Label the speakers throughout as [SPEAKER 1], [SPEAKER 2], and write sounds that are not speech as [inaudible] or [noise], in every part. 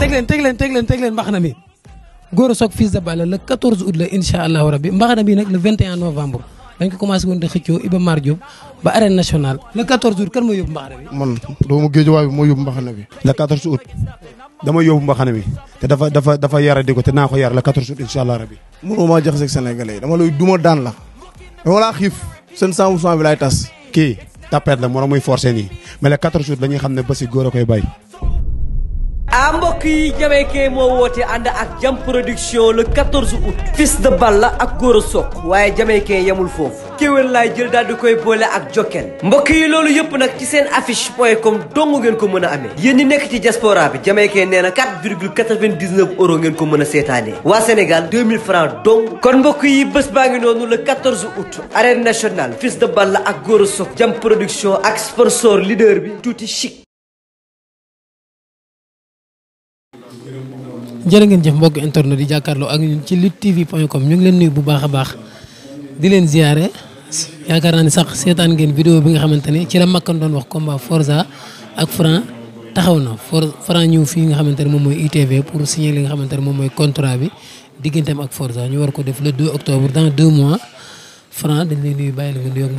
[SPEAKER 1] teg leen teg leen teg leen teg leen mbaxana mi Gora Sock fils de Balla le 14 août la incha allahu rabbi mbaxana bi nag le 21 novembre dañ ko commencé woon di xëccoo Iba Mar Diop ba arène nationale le 14 août kan moo yóbbu mbaxana bi.
[SPEAKER 2] man doomu géejuwaay dama yóbbu mbaxana bi te dafa dafa dafa yaradi ko te naa ko yar le 14 août incha allah rabbi. mënoo maa jaxase ak sénégalais yi dama lay duma daan la. dama laa xiif seen 100% bi laay tas. kii tapet la morom muy forcé nii mais le 14 août xam ne ba si góor a bay
[SPEAKER 1] a ah, mbokk yi jameekee moo woote ànd ak jam production le 14 août fils de Balla ak Gora Sock waaye jameekee yamul foofu kéwél laay jël daal di koy boole ak jokkeel mbokk yi loolu yëpp nag ci seen affiche point com dong ngeen ko mën a amee yéen ñi nekk ci diaspora bi jameekee nee na 4 virgule 99 euros ngeen ko mën a seetaanee waa Sénégal 2000 francs dong kon mbokk yi bés baa ngi noonu la 14 août arène nationale fils de Balla ak Gora Sock jam production ak sponsor leader bi tuuti chic jërë ngeen jëf mbokk internet di jàkkaarloo ak ñun ci Lutte TV point com ñu ngi leen nuyu bu baax a baax di leen ziare yaakaar naa ne sax seetaan ngeen vidéo bi nga xamante ne ci la makkan doon wax combat Forza ak Franc taxaw na for Franc ñëw fii nga xamante ne moom mooy ITV pour signer li nga xamante ne moom mooy contrat bi digganteem war ko def octobre dans 2 mois Franc dañ lay nuyu bàyyi la nga nuyoog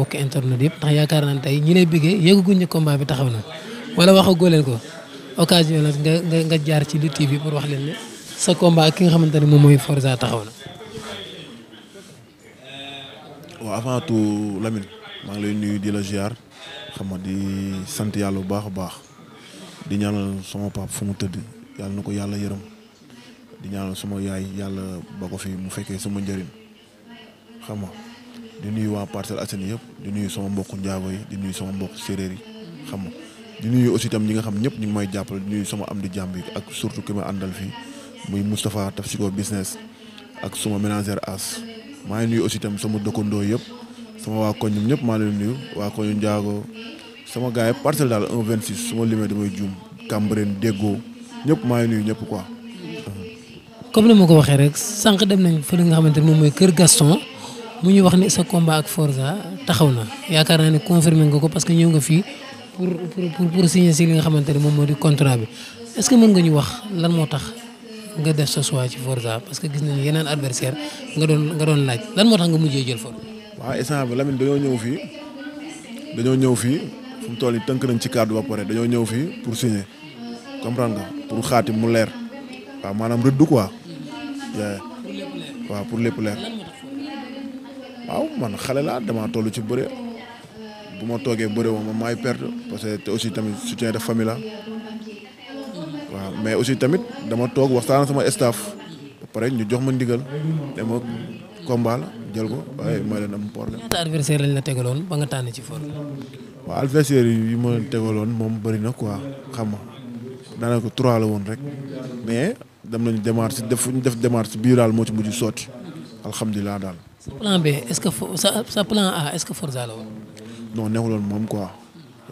[SPEAKER 1] yëpp ndax yaakaar naa ne tey ñi lay bëggee yëgaguñ ne combat bi taxaw na wala waxagoo leen ko occasion la nga jaar ci Lutte TV pour wax leen ne. sa combat ki nga xamante ne moom mooy Forza taxaw na.
[SPEAKER 2] waaw avant tout Lamine maa ngi lay nuyu di la ziar xam nga di sant yàlla bu baax a baax di ñaanal sama pap fu mu tëdd yàlla na ko yàlla yërëm di ñaanal suma yaay yàlla ba ko fi mu fekkee sama njëriñ xam nga di nuyu waa Parcelles Assainies yëpp di nuyu sama mbokku njaago yi di nuyu sama mbokku séeréer yi xam nga di nuyu aussi tam ñi nga xam ñëpp ñu ngi may jàppale di nuyu sama am di jàmb ak surtout ki ma àndal muy Moustapha Tafsiko business ak suma ménagère as maa ngi nuyu aussi tam sama dëkkandoo yëpp sama waa koñ ñoom ñëpp maa leen nuyu waa koñu Ndiago sama gars yi daal 1 26 su ma limee damay juum Cambérène déggoo ñëpp maa ngi nuyu ñëpp quoi.
[SPEAKER 1] comme ni ma ko waxee rek sanq dem nañ fële nga xamante ne moom mooy Kër Gaston mu ñu wax ni sa combat ak Forza taxaw na yaakaar naa ni confirmé nga ko parce que ñëw nga fii pour pour pour signer li nga xamante ne moom moo di contrat bi est que mën nga wax lan moo tax. nga def sa choix ci Forza parce que gis nañu yeneen adversaire nga doon nga doon laaj lan moo tax nga mujjee jël Forza.
[SPEAKER 2] waaw instant bi Lamine dañoo ñëw fii dañoo ñëw fii fu mu toll nii tënk nañ ci kàddu ba pare dañoo ñëw fii pour signer comprendre nga pour xaati mu leer waaw maanaam rëdd quoi. waaw pour lépp leer. waaw man xale laa damaa toll ci bëre bu ma toogee bëre woon man maay perte parce que te aussi tamit soutien de famille la. mais aussi tamit dama toog wax waxtaan sama staff ba pare ñu jox ma ndigal dama combat jël ko waaye ma leen am problème. ñaata
[SPEAKER 1] adversaire lañ la tegaloon ba nga tànn ci for.
[SPEAKER 2] waaw adversaire yi moo tegaloon moom bëri na quoi xam nga daanaka trois la woon rek mais dem nañu démarche def ñu def démarche bii moo ci mujj sotti alhamdulilah daal. sa plan
[SPEAKER 1] B est-ce que sa sa plan A est-ce que Forza la woon.
[SPEAKER 2] non nekkul woon moom quoi.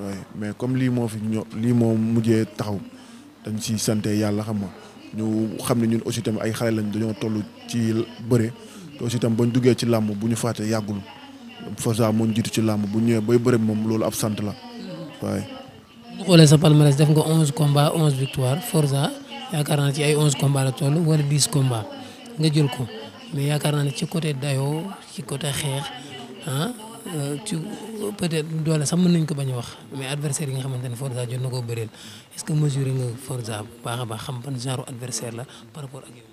[SPEAKER 2] waaye mais comme lii moo fi ño lii moo mujjee taxaw. dañ si sante yàlla xam nga ñu xam ne ñun aussi tamit ay xale lañ dañoo toll ci bëre aussi tamit bañ duggee ci làmb bu ñu fàtte yàggul Forza moo jiitu ci làmb bu ñëwee bay bëre moom loolu ab sant la waaye.
[SPEAKER 1] bu xoolee sa palmarès def nga onze combats onze victoire Forza yaakaar naa ci ay onze combats la toll wala dix combats nga jël ko mais yaakaar naa ne ci côté dayoo ci côté xeex ah, Euh, ci peut-être doole sax mën nañ ko bañ a wax mais adversaire yi nga xamante ne Forza jot na koo bëreel est-ce que mesuré nga Forza bu baax a baax xam ban genre adversaire la par rapport ak yow.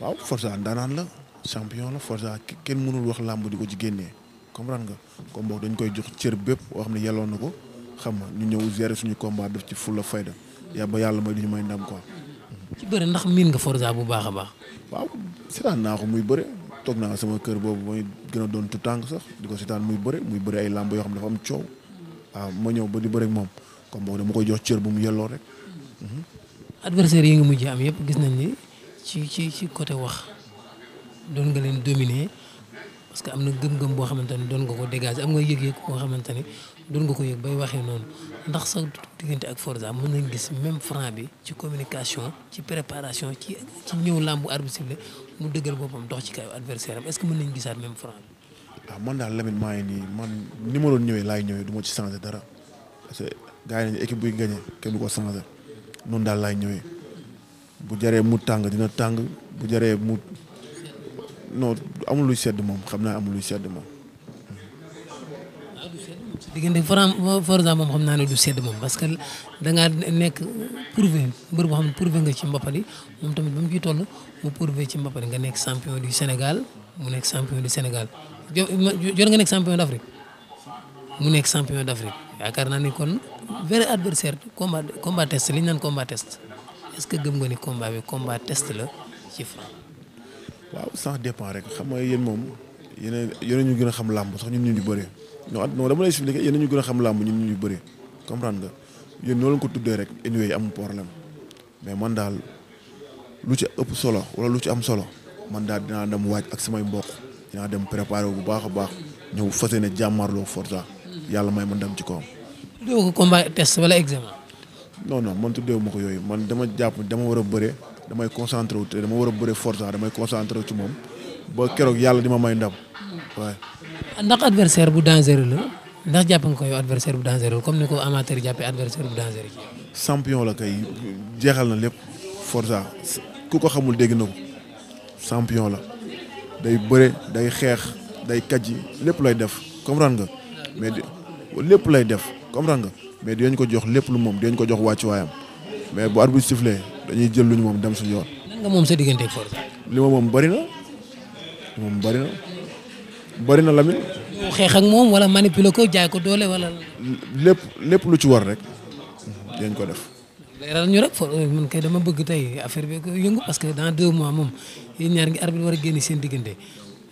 [SPEAKER 2] waaw Forza daanaan la champion la Forza kenn mënul wax làmb di ko ci génnee comprendre nga comme boobu dañ koy jox cër bépp boo xam ne yelloon na ko xam nga ñu ñëw gérer suñu combat def ci la fayda yàlla ba yàlla may du ñu may
[SPEAKER 1] ndam quoi. ci bëre ndax miin nga Forza bu baax a baax.
[SPEAKER 2] waaw toog naa sama kër boobu mooy gën a doon tu tànk sax di ko seetaan muy bëre muy bëre ay làmb yoo xam ne dafa am coow waaw ma ñëw ba di bëre ak moom comme boobu dama koy jox cër bu mu yelloo rek.
[SPEAKER 1] Mhm. adversaire yi nga mujj am yëpp gis nañ ni ci ci ci côté wax doon nga leen dominer. parce que am na gëm-gëm boo xamante ne doon nga ko dégager am nga yëg-yëg boo xamante ne doon nga ko yëg bay waxee noonu ndax sa diggante ak Forza mën nañ gis même franc bi ci communication ci préparation ci ci mu dëggal boppam dox ci kaw adversaire am est-ce que mën nañ gisaat même franc bi.
[SPEAKER 2] waaw ah, man daal Lamine maa ngi nii man ni ma doon ñëwee laay ñëwee du ma ci changer dara parce que gars yi nañu équipe buy gagné kenn du ko changer noonu daal laay ñëwee bu jëree mu tàng dina tàng bu jëree mu non amul luy sedd moom xam naa amul luy sedd moom.
[SPEAKER 1] diggante Forza moom xam naa ne du sedd moom parce que da ngaa nekk prouvé mbër boo xam ne prouvé nga ci mbapat yi moom tamit ba mu ciy toll mu prouvé ci mbapat yi nga nekk champion du Sénégal mu nekk champion du Sénégal jo jot nga nekk champion d'Afrique mu nekk champion d'Afrique yaakaar naa ni kon vrai adversaire combat combat test li ñu naan combat test est-ce que gëm nga ni combat bi combat test la ci Franc. waaw ça dépend
[SPEAKER 2] rek xam nga yéen moom yéen yéen ñu gën a xam làmb sax ñun ñu ñu bëri non at non dama ñu gën a xam làmb ñun ñu ñu bëri comprendre nga yéen noo leen ko tuddee rek anyway am problème mais man daal lu ci ëpp solo wala lu ci am solo man daal dinaa dem waaj ak samay mbokk dinaa dem préparer bu baax a baax ñëw fas yéene jàmmarloo Forza yàlla may ma dem ci kawam.
[SPEAKER 1] tuddee ko combat test wala examen.
[SPEAKER 2] non non man tuddee ma ko yooyu man dama jàpp dama war a bëre damay concentré wu te dama war a bëre Forza damay concentré ci moom ba keroog yàlla di ma may ndam waaye.
[SPEAKER 1] ndax adversaire bu dangereux la ndax jàpp nga ko yow adversaire bu dangereux comme ni ko amateur jàppee adversaire bu dangereux.
[SPEAKER 2] champion la na lépp Forza ku ko xamul dégg na ko la day bëre day xeex day kàjji lépp lay def comprendre nga mais lépp lay def comprendre nga mais dinañ ko jox lépp lu moom dinañ ko jox wàccuwaayam mais bu arbitre dañuy jël lu ñu moom dem suñu yoon.
[SPEAKER 1] nan moom sa digganteeg Forza.
[SPEAKER 2] li ma moom bëri na moom bëri na bëri na Lamine.
[SPEAKER 1] xeex ak moom wala manipuler ko jaay ko doole wala.
[SPEAKER 2] lépp lépp lu ci war rek dañ ko def.
[SPEAKER 1] leeral ñu rek Forza euh, man kay dama bëgg tey affaire bi yëngu parce que dans deux mois moom yéen ñaar ngi war a seen diggante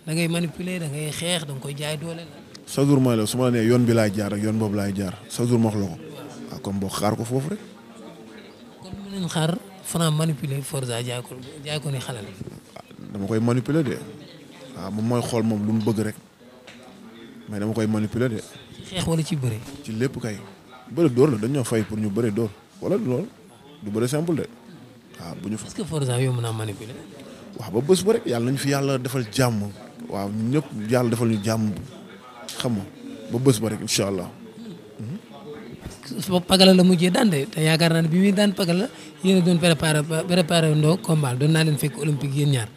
[SPEAKER 1] da ngay manipuler ngay xeex da nga koy jaay doole.
[SPEAKER 2] chaque jour la su ma nee yoon bi laay jaar yoon boobu laay jaar chaque jour ma wax la ko. Ah, boo xaar ko foofu rek.
[SPEAKER 1] Franc manipuler Forza jaay ko jaay ko ni xale
[SPEAKER 2] dama koy manipuler de waaw moom mooy xool moom lu mu bëgg rek mais dama koy manipuler de.
[SPEAKER 1] xeex wala ci bëre.
[SPEAKER 2] ci lépp kay bëre dóor la dañoo fay pour ñu bëre dóor wala lool du bëre simple de waaw bu ñu. est-ce que Forza yomb naa manipuler. waaw ba bés ba rek yàlla nañu fi yàlla defal jàmm waaw ñëpp yàlla defal ñu jàmm xam nga ba bés ba rek incha allah.
[SPEAKER 1] pagala la mujjee daan de te yaakaar naa ne bi muy daan pagala la a doon préparé préparé ndoo combat doon naa leen fekk olympique yéen ñaar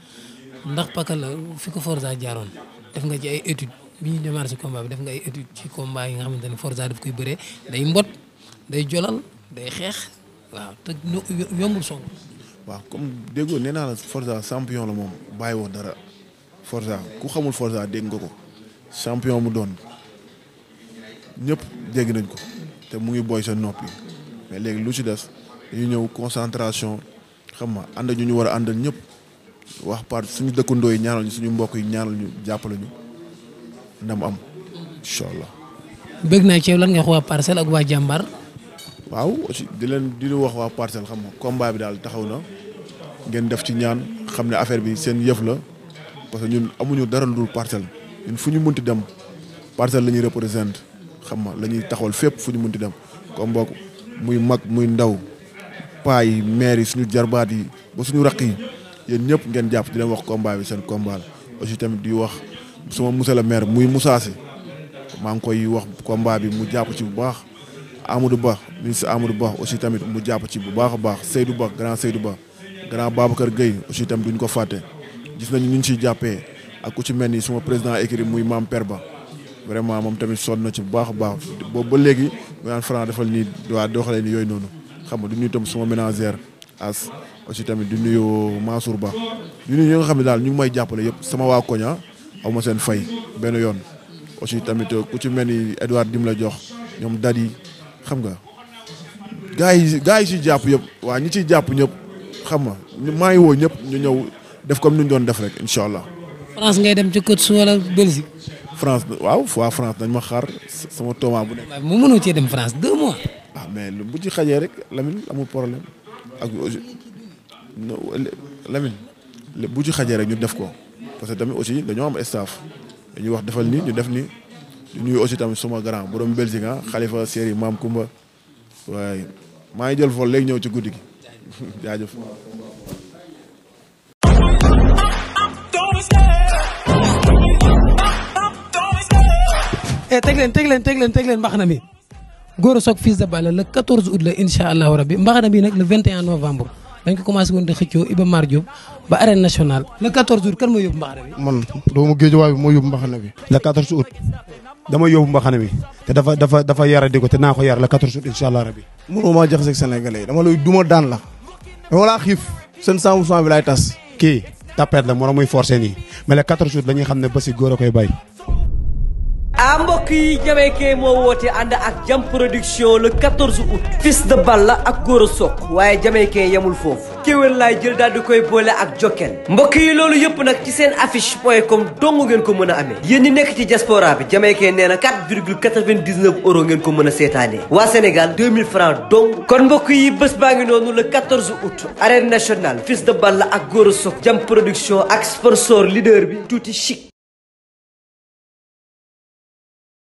[SPEAKER 1] ndax pagala fi ko Forza jaaroon def nga ci ay étude bi ñu démarré si combat bi def nga ay étude ci combat yi nga xamante ne Forza daf koy bëree day mbot day jolal day xeex waaw te yombul song
[SPEAKER 2] waaw comme déggoo nee naa la Forza la moom bàyyi woo dara forsa ku xamul Forza dégg nga ko champion mu doon ñëpp dégg nañ ko te mu ngi booy sa noppi mais léegi lu ci des yu ñëw concentration xam nga ànd ñu ñu war a àndal ñëpp wax par suñu dëkkandoo yi ñaanal ñu suñu mbokk
[SPEAKER 1] yi ñaanal ñu jàppale ñu ndam am incha allah. bëgg naa ci yow lan nga wax waa ak waa jàmbaar.
[SPEAKER 2] waaw aussi di leen di wax waa parcelle xam nga bi daal taxaw na ngeen def ci ñaan xam ne affaire bi seen yëf la parce que ñun amuñu dara lu dul parcelle ñun fu ñu mënti dem parcelle la ñuy représente xam ma la ñuy taxawal fépp fu ñu mun munti dem comme mbokk muy mag muy ndaw paa yi maire yi suñu jarbaat yi ba suñu raq yi yéen ñëpp ngeen jàpp di leen wax combat bi seen combat la tamit di wax sama monsieur le maire muy Moussa Sy maa ngi koy wax combat bi mu jàpp ci bu baax Amadou Ba ministre Amadou Ba aussi tamit mu jàpp ci bu baax a baax Seydou Ba grand Seydou Ba grand Babacar Gueye aussi tamit duñ ko fàtte gis nañu ñu ñu ciy jàppee ak ku ci mel ni suma président écurie muy Mame Père Ba vraiment moom tamit sonn na ci bu baax a baax boobu ba léegi mu naan Franc defal nii waa doxalee ni yooyu noonu xam nga du nuyu tam suma ménagère as aussi tamit du nuyu Mansour Ba du nuyu ñi xam ne daal ñu ngi may jàppale yëpp sama waa koña ah aw ma seen fay benn yoon aussi tamit ku ci mel ni Edouard dim la jox ñoom dadi xam nga gaa yi gaa yi si jàpp yëpp waa ñi ciy jàpp ñëpp xam nga maa ngi woo ñëpp ñu ñëw def comme ni ñu doon def rek incha allah. France ngay dem ci kër wala Belgique. France waaw fois France dañ ma xaar sama tooma bu nekk. mu mënoo cee dem France deux mois. ah mais lu bu ci xajee rek lamin amul problème ak Lamine bu ci xajee rek ñu def ko parce que tamit aussi dañoo am staff dañuy wax defal ni ñu def nii ñu nuyu aussi tamit suma grand borom Belgique ah xalifa Seri Maam Kumba waaye maa ngi jël vol léegi ñëw ci guddi gi [laughs] jaajëf.
[SPEAKER 1] e teg leen teg leen teg leen teg leen mbax na mi Gora Sock fils de Balla le 14 août la incha allahu rabbi mbax na mi nag le 21 novembre dañ ko commencé woon di xëccoo Iba Mar ba arène nationale le 14 août kan moo yóbbu mbax na
[SPEAKER 2] bi yóbbu mbaxana mi te dafa dafa dafa yara di ko te naa ko yar la 14 août incha allah rabi. mënoo maa jaxase ak sénégalais yi lay la. dama laa xiif seen 100% bi laay tas. kii tapet la moom muy forcé nii mais le 14 août xam ne ba si góor a koy bay.
[SPEAKER 1] mbokk yi Jamaïcain moo woote ànd ak Jam Production la 14 août. Fils de Balla ak Gora Sock waaye Jamaïcain yamul foofu. kéwél laay jël daal di koy boole ak Jokkel. mbokk yi loolu yëpp nag ci seen affiche point com dong ngeen ko mën a amee. yéen ñi nekk ci diaspora bi Jamaïcain nee na 4,99 euros ngeen ko mën a seetaanee. waa Sénégal 2000 francs dong. kon mbokk yi bés baa ngi noonu la 14 août. arène nationale Fils de Balla ak Gora Sock Jam Production ak sponsor leader bi tuuti
[SPEAKER 2] chic.